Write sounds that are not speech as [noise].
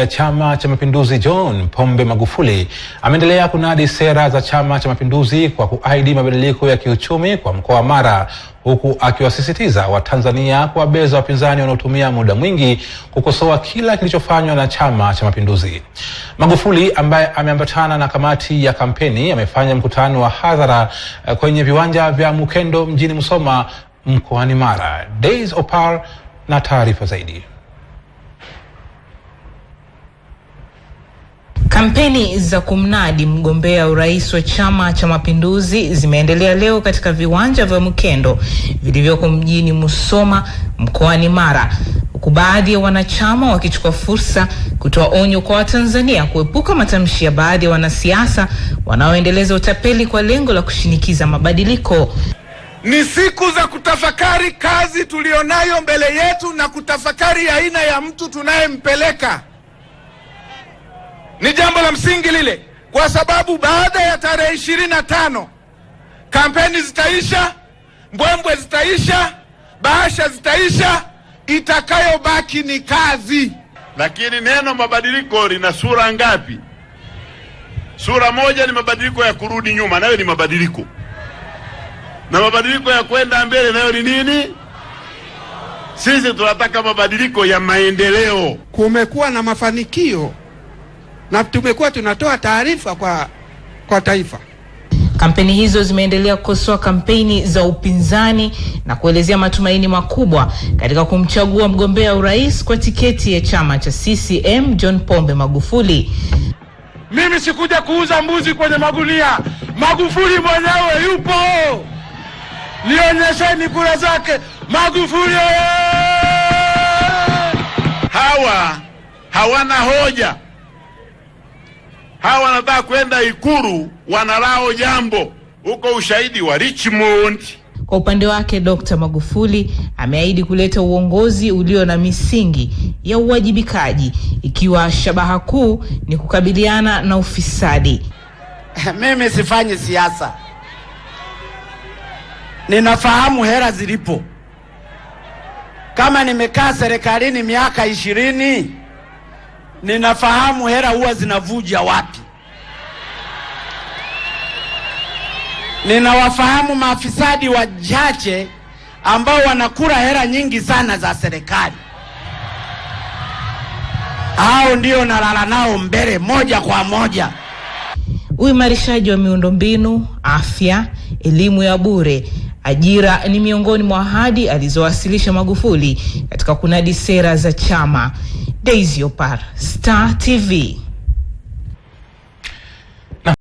ya Chama cha Mapinduzi John Pombe Magufuli ameendelea kunadi sera za Chama cha Mapinduzi kwa kuahidi mabadiliko ya kiuchumi kwa mkoa wa Mara, huku akiwasisitiza Watanzania kuwabeza wapinzani wanaotumia muda mwingi kukosoa kila kilichofanywa na Chama cha Mapinduzi. Magufuli ambaye ameambatana na kamati ya kampeni amefanya mkutano wa hadhara eh, kwenye viwanja vya Mukendo mjini Musoma mkoani Mara. Days Opar na taarifa zaidi. Kampeni za kumnadi mgombea urais wa Chama cha Mapinduzi zimeendelea leo katika viwanja vya Mkendo vilivyoko mjini Musoma mkoani Mara, huku baadhi ya wanachama wakichukua fursa kutoa onyo kwa Watanzania kuepuka matamshi ya baadhi ya wanasiasa wanaoendeleza utapeli kwa lengo la kushinikiza mabadiliko. Ni siku za kutafakari kazi tuliyonayo mbele yetu na kutafakari aina ya mtu tunayempeleka ni jambo la msingi lile, kwa sababu baada ya tarehe ishirini na tano kampeni zitaisha, mbwembwe zitaisha, bahasha zitaisha, itakayobaki ni kazi. Lakini neno mabadiliko lina sura ngapi? Sura moja ni mabadiliko ya kurudi nyuma, nayo ni mabadiliko, na mabadiliko ya kwenda mbele, nayo ni nini? Sisi tunataka mabadiliko ya maendeleo. Kumekuwa na mafanikio na tumekuwa tunatoa taarifa kwa, kwa taifa. Kampeni hizo zimeendelea kukosoa kampeni za upinzani na kuelezea matumaini makubwa katika kumchagua mgombea urais kwa tiketi ya chama cha CCM John Pombe Magufuli. Mimi sikuja kuuza mbuzi kwenye magunia. Magufuli mwenyewe yupo, nionyesheni kura zake Magufuli. Hawa hawana hoja hawa wanataka kwenda Ikuru, wanalao jambo huko, ushahidi wa Richmond. Kwa upande wake Dr. Magufuli ameahidi kuleta uongozi ulio na misingi ya uwajibikaji, ikiwa shabaha kuu ni kukabiliana na ufisadi. [laughs] Mimi sifanyi siasa, ninafahamu hela zilipo. Kama nimekaa serikalini miaka ishirini ninafahamu hera huwa zinavuja wapi. Ninawafahamu maafisadi wachache ambao wanakula hera nyingi sana za serikali. Hao ndio nalala nao mbele moja kwa moja. Uimarishaji wa miundombinu, afya, elimu ya bure Ajira ni miongoni mwa ahadi alizowasilisha Magufuli katika kunadi sera za chama. Daisy Opar, Star TV.